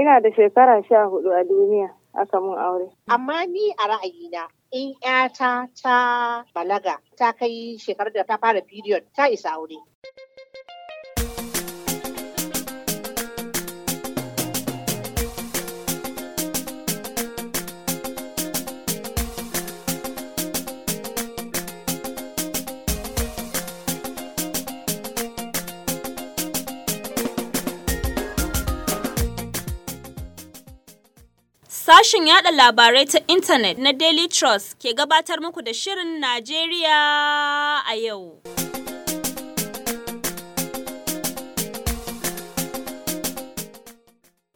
Ina da shekara sha hudu a duniya aka mun aure. Amma ni a ra'ayina in 'yata ta balaga ta kai shekarar da ta fara period ta isa aure. Sashen yada labarai ta intanet na Daily Trust ke gabatar muku da Shirin Najeriya a yau.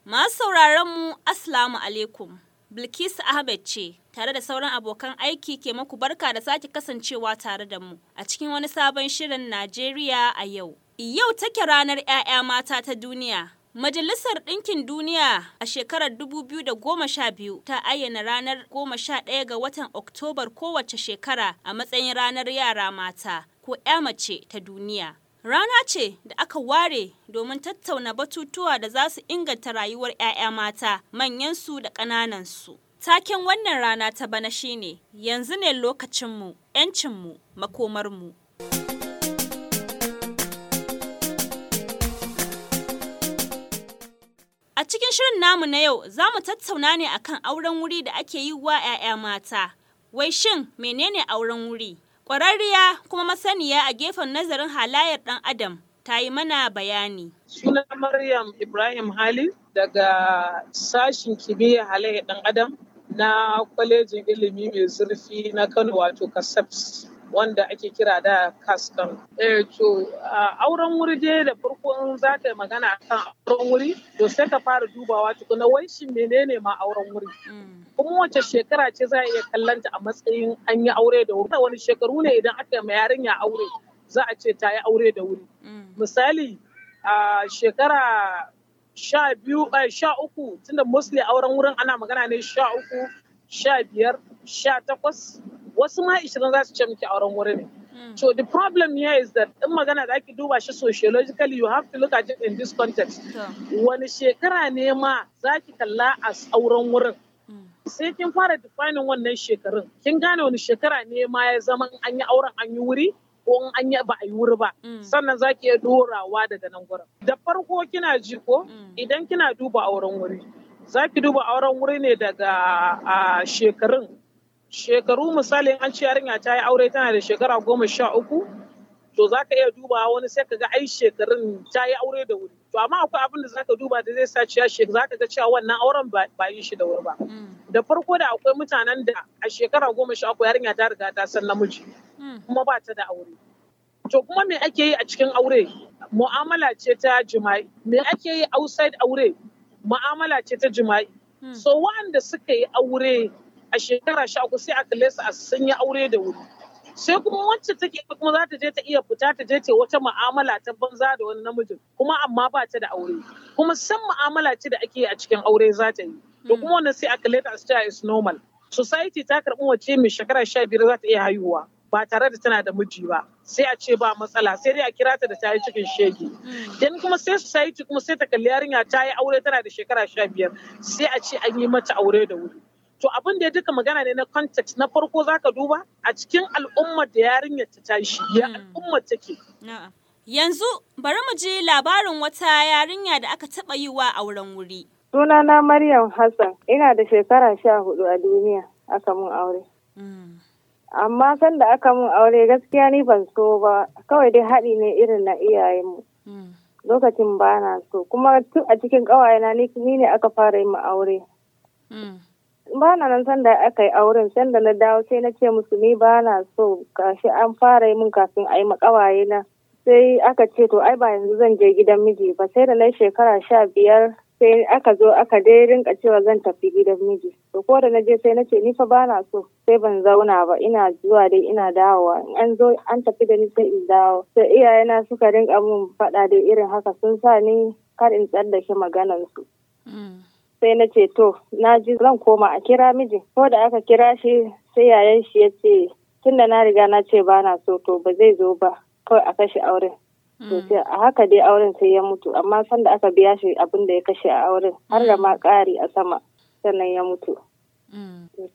Masu sauraron mu Assalamu alaikum. Bilkisu Ahmed ce tare da sauran abokan aiki ke muku barka da sake kasancewa tare da mu a cikin wani sabon shirin Najeriya a yau. Yau take ranar 'ya'ya mata ta duniya. Majalisar Ɗinkin Duniya a shekarar 2012 ta ayyana ranar 11 ga watan Oktobar kowace shekara a matsayin ranar yara mata ko 'ya mace ta duniya. Rana ce da aka ware domin tattauna batutuwa da za su inganta rayuwar 'ya'ya mata, manyansu da ƙananansu. Taken wannan rana ta bana shine yanzu ne lokacinmu, 'yancinmu, makomarmu. cikin shirin namu na yau za mu tattauna ne akan auren wuri da ake yi wa 'ya'ya mata. Wai shin menene auren wuri? Ƙwararriya kuma masaniya a gefen nazarin halayyar ɗan Adam ta yi mana bayani. Suna Maryam Ibrahim Halil daga sashin kimiyya halayyar ɗan Adam na kwalejin ilimi mai zurfi na Kano wato Kasaps. wanda ake kira da custom. Eh to auren wuri dai da farko za ta magana akan auren wuri to sai ka fara dubawa tukuna wai shi menene ma auren wuri. Mm. Kuma wace shekara ce za a iya kallanta a matsayin an yi aure da wuri. Wani shekaru ne idan aka ma yarinya aure za a ce ta yi aure da wuri. Mm. Misali a shekara sha biyu sha uku tunda mostly auren wurin ana magana ne sha uku sha biyar sha takwas wasu ma ishirin za su ce miki auren wuri ne hmm. so the problem here is that in magana da ake duba shi sociologically you have to look at it in this context wani shekara ne ma za ki kalla a auren wurin hmm. sai kin fara defining wannan shekarun kin gane wani shekara ne ma ya zama an yi auren an yi wuri ko an yi ba a yi wuri ba hmm. sannan za ki iya dorawa daga nan gurin da farko kina ji ko idan kina duba auren wuri za ki duba auren wuri ne daga shekarun shekaru misali an ce yarinya ta yi aure tana da shekara goma sha uku to za ka iya duba wani sai ka ga ai shekarun ta yi aure da wuri to amma akwai abin da za ka duba da zai sa ciya za ka ga cewa wannan auren ba yi shi da wuri ba mm. da farko da akwai mutanen da a shekara goma sha uku yarinya ta riga ta san namiji mm. kuma ba ta da aure to kuma me ake yi a cikin aure mu'amala ce ta jima'i me ake yi outside aure mu'amala ce ta jima'i mm. so waɗanda suka yi aure a shekara sha uku sai a kalle su a sun aure da wuri sai kuma wacce take kuma za ta je ta iya fita ta je ta wata ma'amala ta banza da wani namijin kuma amma ba ta da aure kuma san ma'amala ce da ake a cikin aure za ta yi To hmm. kuma wannan sai a kalle ta a is normal society ta karɓi wace mai shekara sha biyar za ta iya haihuwa ba tare da tana da miji ba sai a ce ba matsala sai dai a kira ta da ta yi cikin shege dan hmm. kuma sai society kuma sai ta kalli yarinya ta yi aure tana da shekara sha biyar sai a ce an yi mata aure da wuri To abin da ya duka magana ne na context na farko zaka duba a cikin al'ummar da yarinyar ta tashi ya hmm. al'ummar take. Yanzu bari mu ji labarin wata yarinya da aka taɓa yi wa auren wuri. Sunana Maryam Hassan, ina da shekara sha hudu a duniya aka mun aure. Hmm. Amma sanda aka mun aure gaskiya ni ban so ba, kawai dai haɗi ne irin na iyayenmu. Hmm. Lokacin bana so, kuma a cikin ƙawayena ni ne aka fara yi aure. ba na nan sanda aka yi auren sanda na dawo sai na ce musu ni ba na so kashi an fara yi min kafin a yi makawaye na sai aka ce to ai ba yanzu zan je gidan miji ba sai da na shekara sha biyar sai aka zo aka dai rinka cewa zan tafi gidan miji to ko da na je sai na ce ni fa ba na so sai ban zauna ba ina zuwa dai ina dawowa in an zo an tafi da ni sai in dawo sai iyayena suka rinka mun faɗa dai irin haka sun sa ni kar in tsallake maganar su mm. sai na ce to na ji zan koma a kira miji ko da aka kira shi sai yayan shi ya ce tun da na riga na ce ba na so to ba zai zo ba kawai a kashe auren mm. to a haka dai auren sai ya mutu amma sanda aka biya shi abin da ya kashe a auren har mm. da ma ƙari a sama sannan ya mutu To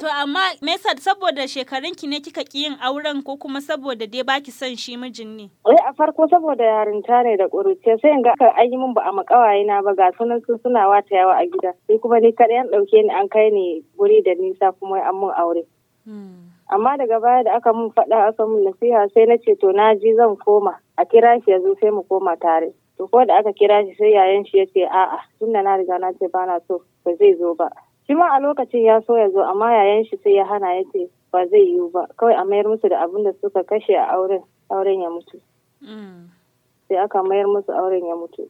To amma me yasa saboda shekarun ki ne kika ki yin auren ko kuma saboda dai baki son shi mijin ne? Wai a farko saboda yarinta ne da ƙuruciya sai in ga aka an yi min ba a makawaye na ba ga sunan su suna wata yawa a gida. Sai kuma ni kaɗai an ɗauke ni an kai ni guri da nisa kuma an mun aure. Hmm. Amma daga baya da aka mun faɗa aka mun nasiha sai na ce to na ji zan koma a kira shi yanzu sai mu koma tare. To ko da aka kira shi sai yayan shi ya ce a'a tunda na riga na ce ba na so ba zai zo ba shi ma a lokacin ya so ya zo amma yayan shi sai ya hana ya ce ba zai yiwu ba kawai a mayar musu da abin da suka kashe a auren auren ya mutu mm. sai aka mayar musu auren ya mutu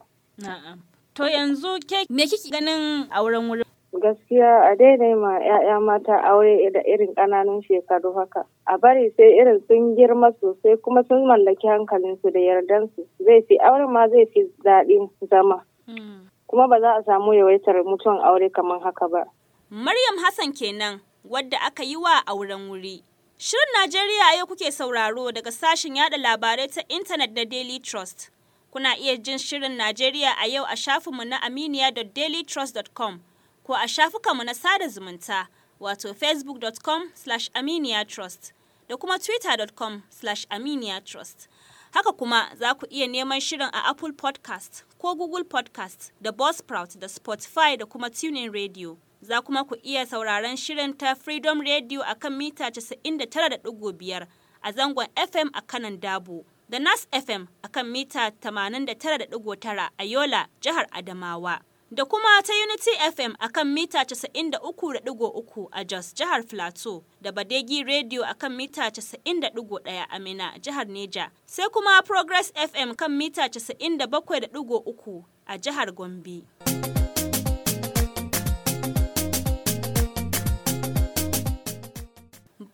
to yanzu ke me kike ganin auren wurin gaskiya a daidai ma 'ya'ya mata aure da irin ƙananan shekaru haka a bari sai irin sun girma sosai kuma sun mallaki hankalinsu da yardansu zai fi auren ma zai fi daɗin zama mm. kuma ba za a samu yawaitar mutuwan aure kamar haka ba. Maryam Hassan kenan wadda aka yi wa auren wuri. Shirin Najeriya yau kuke sauraro daga sashen yada labarai ta intanet na Daily Trust. Kuna iya jin Shirin Najeriya a yau a shafinmu na aminiya.dailytrust.com ko a shafukanmu na sada zumunta wato facebook.com/aminiya da kuma twittercom aminiyatrust trust. Haka kuma za ku iya neman shirin a Apple podcast ko Google podcast da Buzzsprout da Spotify da kuma TuneIn Radio. Za kuma ku iya sauraron shirin ta Freedom Radio a kan mita 99.5 a zangon FM a kanan Dabo da Nas FM a kan mita 89.9 a Yola, jihar Adamawa. da kuma ta Unity FM a kan mita 93.3 a Jos jihar Filato da Badegi Radio a kan mita 90.1 a Mina jihar Neja, sai kuma Progress FM kan mita 97.3 a jihar Gombe.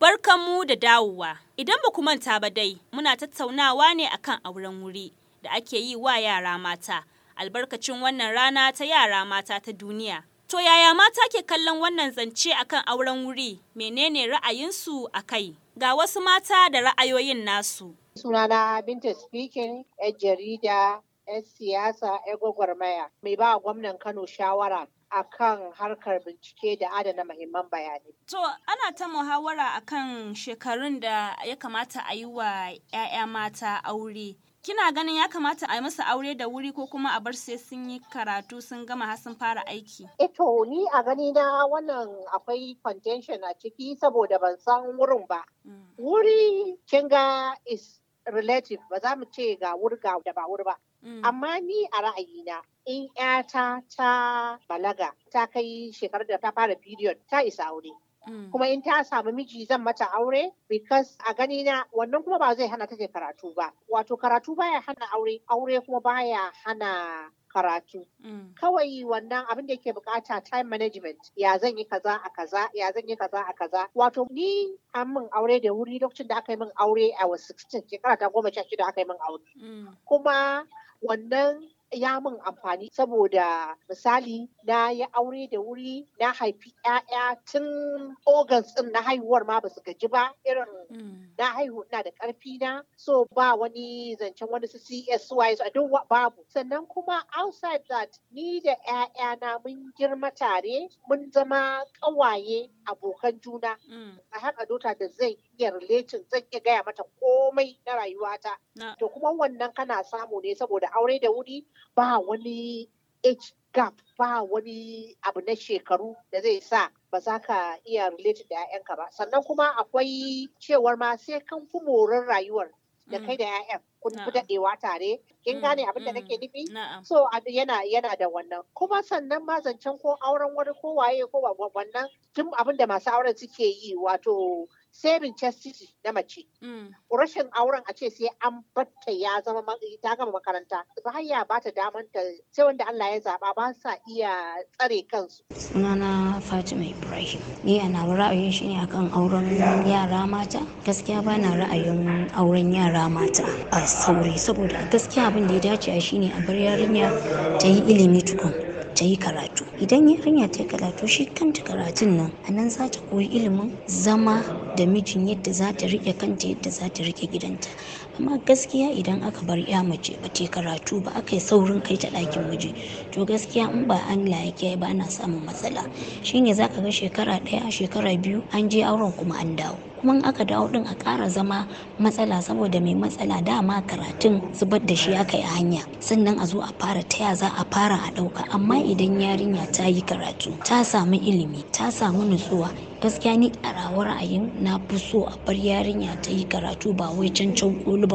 Barkanmu da dawowa, idan ba manta ba dai muna tattaunawa ne akan auren wuri da ake yi wa yara mata. albarkacin wannan rana ta yara mata ta duniya. To yaya mata ke kallon wannan zance akan auren wuri menene ra'ayinsu a kai? Ga wasu mata da ra'ayoyin nasu. Sunana Binta Speaking, 'yan jarida, 'yan siyasa, 'yan gwagwarmaya, mai ba gwamnan Kano shawara akan harkar bincike da adana mahimman bayanai. To, ana ta muhawara a kan shekarun da ya kamata a yi wa 'ya'ya mata aure. kina ganin ya kamata a yi musu aure da wuri ko kuma a bar sai sun yi karatu sun gama har sun fara aiki? E ni a gani na wannan akwai contention a ciki saboda ban san wurin ba. Mm. Wuri kin ga is relative ba za mu ce ga wuri ga da ba wuri ba. Mm. Amma ni a ra'ayina in 'yata ta balaga ta kai shekarar da ta fara period ta isa aure. Mm. kuma in ta samu miji zan mata aure because a gani na wannan kuma ba zai hana ta karatu ba wato karatu baya hana aure aure kuma baya hana karatu. Mm. Kawai wannan abin da yake bukata time management ya zan yi kaza a kaza ya zan yi kaza a kaza. Wato ni an min aure da wuri lokacin da aka yi min aure a was 16 shekara ta goma sha shida aka yi min aure. Mm. Kuma wannan ya min amfani saboda misali na yi aure da wuri na haifi 'ya'ya tun organs din na haihuwar ma basu gaji ba irin mm. na haihu ina da karfi na so ba wani zancen wani su CSY a duk babu sannan kuma outside that ni da 'ya'ya na mun girma tare mun zama ƙawaye abokan juna mm. a haka dota da zai iya lecin zan iya gaya mata komai na rayuwata to kuma wannan kana samu ne saboda aure da wuri ba wani age gap ba wani abu na shekaru da zai sa ba za ka iya related da 'ya'yanka ba sannan kuma akwai cewar ma sai kan fi rayuwar da mm. kai da 'ya'yan kun fi daɗewa tare kin mm, gane abin da mm, nake nufi so yana yana da wannan kuma sannan ma zancen ko auren wani ko waye ko wannan tun abin da masu auren suke yi wato saving chastity na mace. Mm. Rashin auren a ce sai an batta ya zama ta gama makaranta. Baya ba ta damar ta sai wanda Allah ya zaba ba sa iya tsare kansu. Sunana Fatima Ibrahim. Ni a ra'ayin shi ne akan auren yara mata. Gaskiya ba na ra'ayin auren yara mata a saurayi saboda gaskiya abin da ya dace a shine a bar yarinya ta yi ilimi tukun ta yi karatu. idan yarinya ta karatu shi kanta karatun nan a nan za ta koyi ilimin zama da mijin yadda za ta rike kanta yadda za ta rike gidanta amma gaskiya idan aka bar ya mace ba ta karatu ba aka yi saurin kai ta ɗakin waje to gaskiya in ba Allah ya ba ana samun matsala shine zaka ga shekara ɗaya shekara biyu an je auren kuma an dawo kuma in aka dawo din a ƙara zama matsala saboda mai matsala dama karatun zubar da shi aka yi hanya sannan a zo a fara taya za a fara a ɗauka amma idan yarinya ta yi karatu ta samu ilimi ta samu nutsuwa gaskiya ni a rawar ra'ayin na fi so a bar yarinya ta yi karatu ba wai cancan koli ba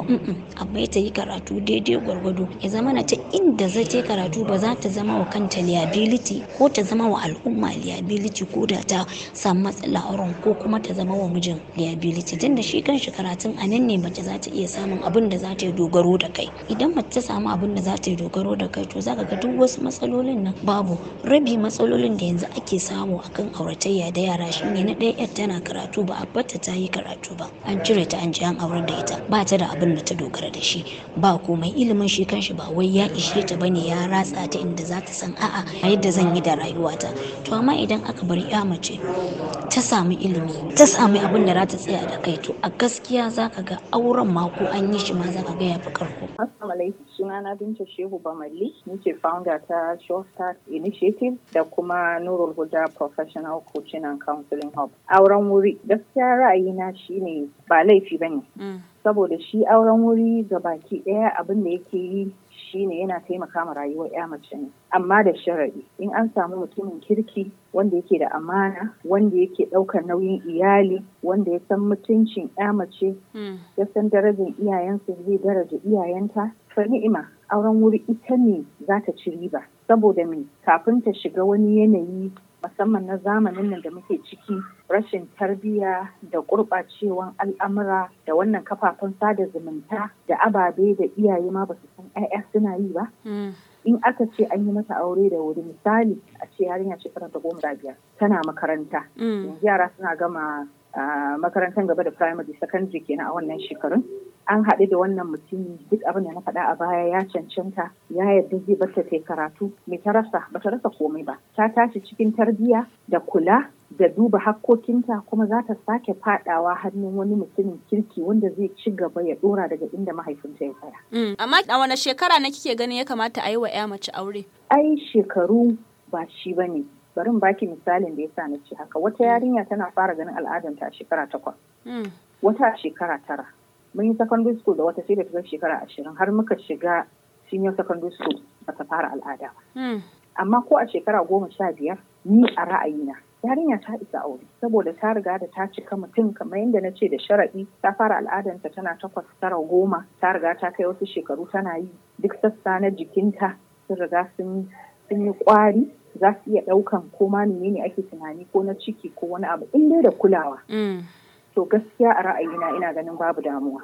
a bai ta yi karatu daidai gwargwado ya zama na ta inda za ta yi karatu ba za ta zama wa kanta liability ko ta zama wa al'umma liability ko da ta samu matsala auren ko kuma ta zama wa mijin liability tun da shi kanshi karatun a nan ne mace za ta iya samun abin da za ta yi dogaro da kai idan mace ta samu abin da za ta yi dogaro da kai to za ka ga duk wasu matsalolin nan babu rabi matsalolin da yanzu ake samu akan auratayya da yara shine na ɗaya yar tana karatu ba a bata ta yi karatu ba an cire ta an je an aurar da ita ba ta da abin da ta dogara da shi ba komai ilimin shi kanshi ba wai ya ishe ta bane ya ratsa ta inda za ta san a'a a yadda zan yi da rayuwata to amma idan aka bar ya mace ta samu ilimi ta samu abin da za ta tsaya da kai to a gaskiya za ka ga auren ma ko an yi shi ma za ka ga ya fi karko na Binta Shehu Bamalli, nike founder ta Shortstart Initiative da kuma Nurul Huda Professional Coaching and Counseling Hub. Auren wuri, gaskiya ra'ayina shine ba laifi bane. Mm. Saboda shi auren wuri ga baki ɗaya abin da yake yi shine yana taimaka ma rayuwar ya mace ne amma da sharari in an samu mutumin kirki wanda yake da amana wanda yake ɗaukar nauyin iyali wanda ya san mutuncin ya mace hmm. ya san darajar iyayensa zai daraja iyayenta fa ni'ima auren wuri ita ne za ta ci riba saboda me kafin ta shiga wani yanayi musamman na zamanin nan da muke ciki rashin tarbiyya da gurɓacewan al'amura da wannan kafafen sada zumunta da ababe da iyaye ma basu san 'ya'ya suna yi ba mm. in aka ce an yi mata aure da wuri misali a ce yarinya shekara ta goma biyar tana makaranta mm. yanzu yara suna gama ah, makarantar gaba da primary secondary kenan a wannan shekarun an haɗu da wannan mutumin duk abin da na faɗa a baya ya cancanta ya yarda zai bata ta karatu mai ta rasa ba ta rasa komai ba ta tashi cikin tarbiyya da kula da duba hakkokinta kuma za ta sake fadawa hannun wani mutumin kirki wanda zai ci gaba ya dora daga inda mahaifinta ya tsaya. Mm. Amma a wani shekara na kike ganin ya kamata a yi wa 'ya mace aure? Ai shekaru ba shi ba ne. Bari baki misalin da ya sa na ce haka. Wata mm. yarinya tana fara ganin al'adanta a shekara takwas. Mm. Wata shekara tara. mun yi secondary school da wata sai da ta shekara ashirin har muka shiga senior secondary school ba ta fara al'ada ba hmm. amma ko a shekara goma sha biyar ni a ra'ayina yarinya ta isa aure saboda ta riga da ta cika mutum kamar yadda na ce da sharaɗi ta fara al'adanta tana takwas tara goma ta riga ta kai wasu shekaru tana yi duk sassa na jikinta sun riga sun yi ƙwari za su iya ɗaukan ko ma ne ake tunani ko na ciki ko wani abu in dai da kulawa. Hmm. to gaskiya a ra'ayina ina ganin babu damuwa.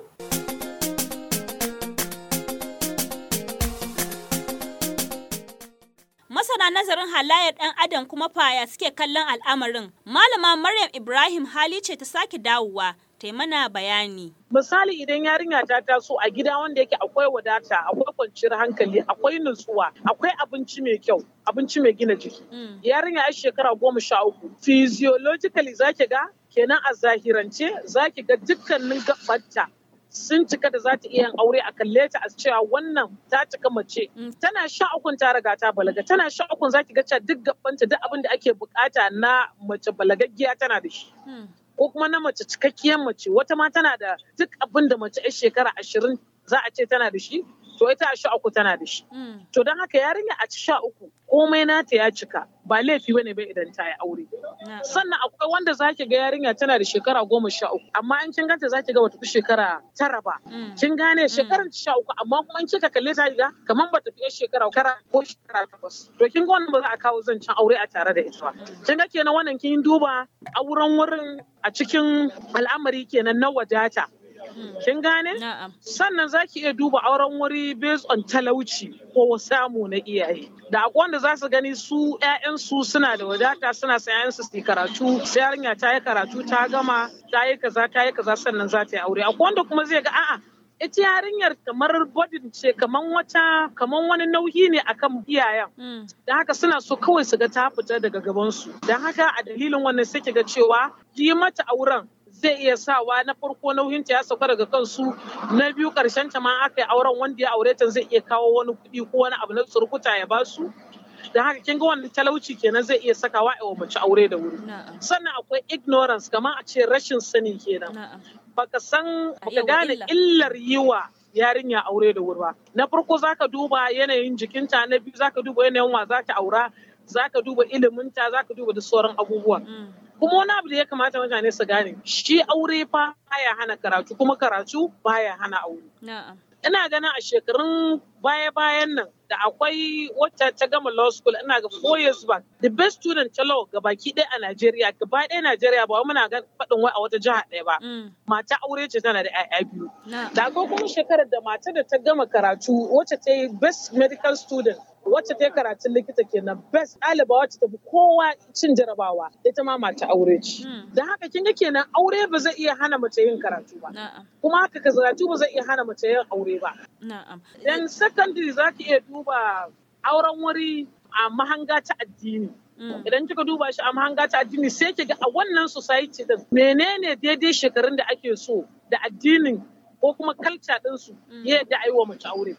masana nazarin halayyar ɗan adam kuma faya suke kallon al'amarin malama maryam ibrahim hali ce ta sake dawowa mana bayani. Misali idan yarinya ta taso a gida wanda yake akwai wadata, akwai kwanciyar hankali, akwai nutsuwa, akwai abinci mai kyau, abinci mai gina jiki. Mm. Yarinya a shekara goma sha uku. Physiologically za ki ga kenan a zahirance za ki ga dukkanin gabanta sun cika da za ta iya yin aure a kalle ta a cewa wannan ta cika mace mm. tana sha ukun ta riga ta balaga tana sha ukun za ki ga duk gabanta duk abin da ake bukata na mace balagaggiya tana da shi mm. ko kuma na mace cikakkiyar mace wata ma tana da duk abin da mace 'yar shekara ashirin za a ce tana da shi to ita a sha uku tana da shi. Mm. To don haka yarinya a sha uku komai nata ya cika ba laifi bane ba idan ta yi aure. Sannan akwai wanda zaki ga yarinya tana da shekara goma sha uku amma in kin ganta ki ga wata fi shekara tara ba. Mm. Kin gane mm. shekaran sha uku amma kuma in kika kalle ta ga kamar bata fiye shekara tara ko shekara takwas. To kin ga wannan ba za a kawo zancen aure a tare da ita ba. Kin ga kenan wannan kin duba auren wurin a cikin al'amari kenan na wadata. Hmm. Kin gane? Sannan za iya duba auren wuri based on talauci ko samu na iyaye. Da akwai wanda za su gani su 'ya'yansu suna da wadata suna sa 'ya'yansu su karatu sai yarinya ta yi karatu ta gama ta yi kaza ta yi kaza sannan za ta yi aure. Akwai wanda kuma zai ga a'a ita yarinyar kamar bodin ce kamar wata kamar wani nauyi ne akan iyayen hmm. Da haka suna so kawai su ga ta fita daga gabansu don haka a dalilin wannan sai ga cewa yi mata auren zai iya sawa na farko ta ya sauka daga kansu na biyu karshen ta ma aka yi auren wanda ya aure ta zai iya kawo wani kuɗi ko wani abu na surkuta ya basu da haka kin ga wannan talauci kenan zai iya sakawa a mace aure da wuri sannan akwai ignorance kamar a ce rashin sani kenan baka san baka gane illar yiwa yarinya aure da wuri ba na farko zaka duba yanayin jikinta na biyu zaka duba yanayin wa zaka aura zaka duba iliminta zaka duba da sauran abubuwa mm. kuma wani abu da ya kamata mutane su gane shi aure fa baya hana karatu kuma karatu baya hana aure ina ganin a shekarun baya-bayan nan da akwai wata ta gama law school ina ga four years back the best student ta law baki ɗaya a Najeriya gaba ɗaya Najeriya ba muna ga faɗin wai a wata jiha ɗaya ba mm. mata aure ce tana da ƴaƴa biyu da akwai kuma shekarar da mata da ta gama karatu wacce ta yi best medical student wacce ta yi karatun likita kenan best ɗaliba wacce ta fi kowa cin jarabawa ita ma mata aure ce hmm. da haka kin kenan aure ba zai iya hana mace yin karatu ba kuma haka ka karatu ba zai iya hana mace yin aure ba dan secondary zaki iya duba auren wuri a mahanga ta addini hmm. idan kika duba shi a mahanga ta addini sai ki ga a wannan society din menene daidai shekarun da ake so da addinin ko kuma kalca ɗinsu ya yadda a yi wa mace aure.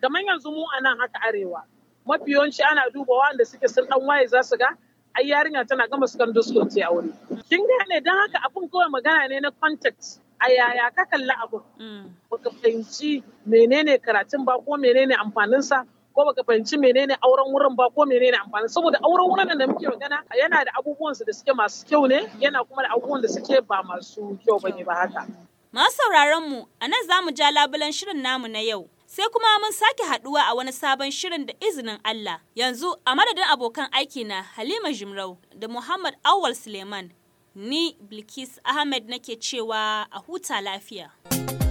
Kamar yanzu mu a nan haka arewa mafi yawanci ana duba wanda suke sun dan waye za su ga ai yarinya tana gama sukan school ce wuri. kin gane dan haka abun kawai magana ne na context a yaya ka kalli abu mm. baka fahimci menene karatun ba ko menene amfaninsa ko baka fahimci menene auren wurin ba ko menene amfanin? saboda auren wurin da muke magana yana da abubuwan da suke masu kyau ne yana kuma da abubuwan da suke ba masu kyau bane ba haka masu sauraron mu a nan za mu ja labulan shirin namu na yau sai kuma mun sake haduwa a wani sabon shirin da izinin Allah. Yanzu a madadin abokan aiki na Halima Jimrau da Muhammad Awal Suleiman, ni Bilkis Ahmed nake cewa a huta lafiya.